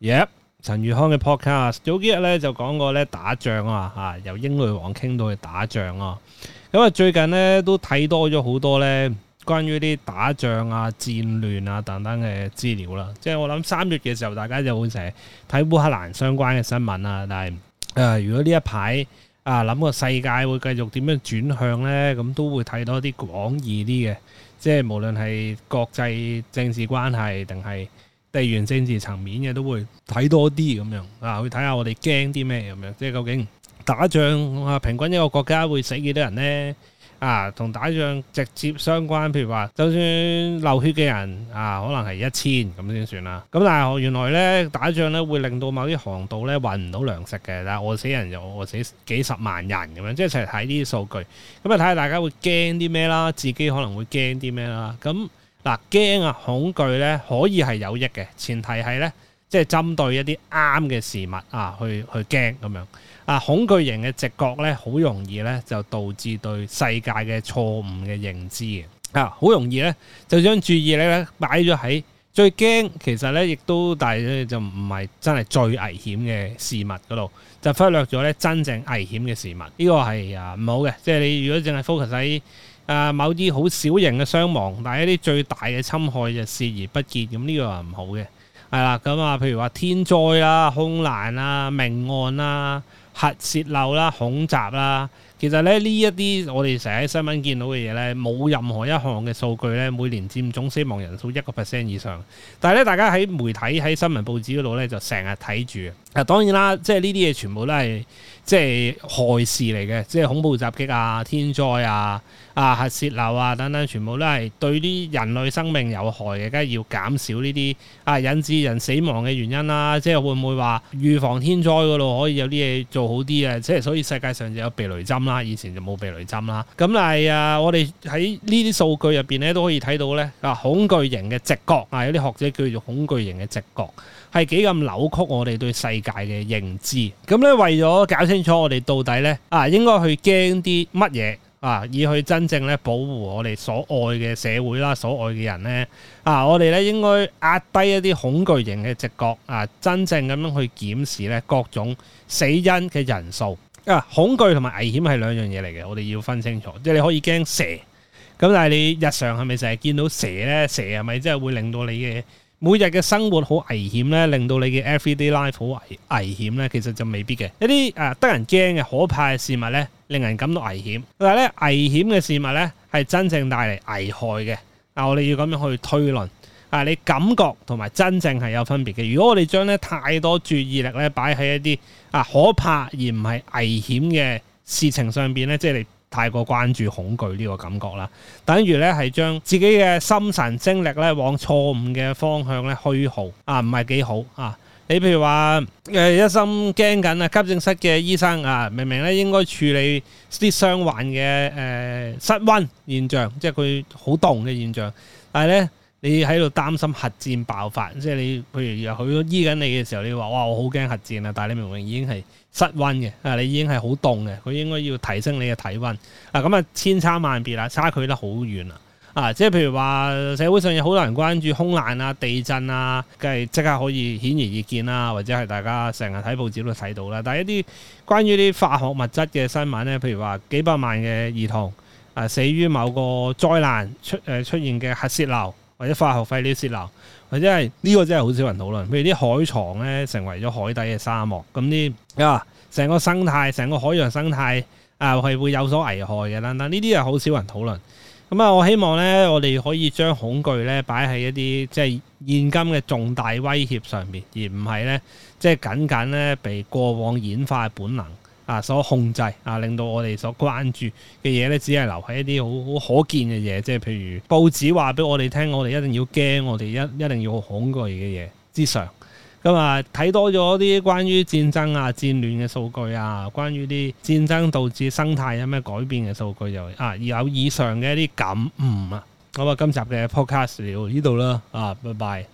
耶、yep！陳宇康嘅 podcast 早幾日咧就講過咧打仗啊，啊由英女王傾到去打仗啊。咁啊最近咧都睇多咗好多咧關於啲打仗啊戰亂啊等等嘅資料啦。即係我諗三月嘅時候，大家就會成日睇烏克蘭相關嘅新聞啊。但係誒、啊，如果呢一排啊諗個世界會繼續點樣轉向咧，咁都會睇多啲廣義啲嘅，即係無論係國際政治關係定係，地緣政治層面嘅都會睇多啲咁樣啊，去睇下我哋驚啲咩咁樣，即係究竟打仗啊，平均一個國家會死幾多人呢？啊，同打仗直接相關，譬如話，就算流血嘅人啊，可能係一千咁先算啦。咁、嗯、但係原來呢，打仗呢會令到某啲航道呢運唔到糧食嘅，但係餓死人又餓死幾十萬人咁樣，啊，即係一齊睇啲數據。咁啊，睇下大家會驚啲咩啦，自己可能會驚啲咩啦，咁、啊。嗯嗱，驚啊！恐懼咧可以係有益嘅，前提係咧，即係針對一啲啱嘅事物啊，去去驚咁樣啊。恐懼型嘅直覺咧，好容易咧就導致對世界嘅錯誤嘅認知嘅啊，好容易咧就將注意力咧擺咗喺最驚，其實咧亦都但係咧就唔係真係最危險嘅事物嗰度，就忽略咗咧真正危險嘅事物。呢個係啊唔好嘅，即係你如果淨係 focus 喺某啲好小型嘅傷亡，但係一啲最大嘅侵害就視而不見，咁呢個係唔好嘅，係啦。咁啊，譬如話天災啦、空難啦、命案啦、核泄漏啦、恐襲啦。其實咧呢一啲我哋成日喺新聞見到嘅嘢咧，冇任何一項嘅數據咧，每年佔總死亡人數一個 percent 以上。但係咧，大家喺媒體喺新聞報紙嗰度咧，就成日睇住。嗱，當然啦，即係呢啲嘢全部都係即係害事嚟嘅，即係恐怖襲擊啊、天災啊、啊核泄漏啊等等，全部都係對啲人類生命有害嘅。梗係要減少呢啲啊引致人死亡嘅原因啦、啊，即係會唔會話預防天災嗰度可以有啲嘢做好啲呀、啊？即係所以世界上就有避雷針。以前就冇避雷針啦。咁但係啊，我哋喺呢啲數據入邊咧，都可以睇到咧啊，恐懼型嘅直覺啊，有啲學者叫做恐懼型嘅直覺，係幾咁扭曲我哋對世界嘅認知。咁咧，為咗搞清楚我哋到底咧啊，應該去驚啲乜嘢啊，以去真正咧保護我哋所愛嘅社會啦，所愛嘅人咧啊，我哋咧應該壓低一啲恐懼型嘅直覺啊，真正咁樣去檢視咧各種死因嘅人數。啊，恐懼同埋危險係兩樣嘢嚟嘅，我哋要分清楚。即係你可以驚蛇，咁但係你日常係咪成日見到蛇呢？蛇係咪真係會令到你嘅每日嘅生活好危險呢？令到你嘅 everyday life 好危危險呢？其實就未必嘅。一啲，啊，得人驚嘅可怕嘅事物呢，令人感到危險。但係呢危險嘅事物呢，係真正帶嚟危害嘅。啊，我哋要咁樣去推論。啊！你感覺同埋真正係有分別嘅。如果我哋將咧太多注意力咧擺喺一啲啊可怕而唔係危險嘅事情上邊咧，即係你太過關注恐懼呢個感覺啦，等於咧係將自己嘅心神精力咧往錯誤嘅方向咧虛耗啊，唔係幾好啊！你譬如話誒、呃、一心驚緊啊，急症室嘅醫生啊，明明咧應該處理啲傷患嘅誒、呃、失温現象，即係佢好凍嘅現象，但係咧。你喺度擔心核戰爆發，即係你譬如有佢醫緊你嘅時候，你話哇，我好驚核戰啊！但係你明明已經係失温嘅啊，你已經係好凍嘅，佢應該要提升你嘅體温啊。咁啊，千差萬別啦，差距得好遠啦啊！即係譬如話社會上有好多人關注空難啊、地震啊，梗係即刻可以顯而易見啦，或者係大家成日睇報紙都睇到啦。但係一啲關於啲化學物質嘅新聞咧，譬如話幾百萬嘅兒童啊死於某個災難出誒出現嘅核泄漏。或者化學廢料泄漏，或者係呢個真係好少人討論。譬如啲海床咧，成為咗海底嘅沙漠，咁啲啊成個生態、成個海洋生態啊係會有所危害嘅啦等等。呢啲係好少人討論。咁啊，我希望咧，我哋可以將恐懼咧擺喺一啲即係現今嘅重大威脅上面，而唔係咧即係僅僅咧被過往演化嘅本能。啊，所控制啊，令到我哋所關注嘅嘢咧，只係留喺一啲好好可見嘅嘢，即係譬如報紙話俾我哋聽，我哋一定要驚，我哋一一定要好恐懼嘅嘢之上，咁、嗯、啊睇多咗啲關於戰爭啊、戰亂嘅數據啊，關於啲戰爭導致生態有咩改變嘅數據就啊而有以上嘅一啲感悟啊。咁啊，今集嘅 podcast 就到呢度啦，啊，拜拜。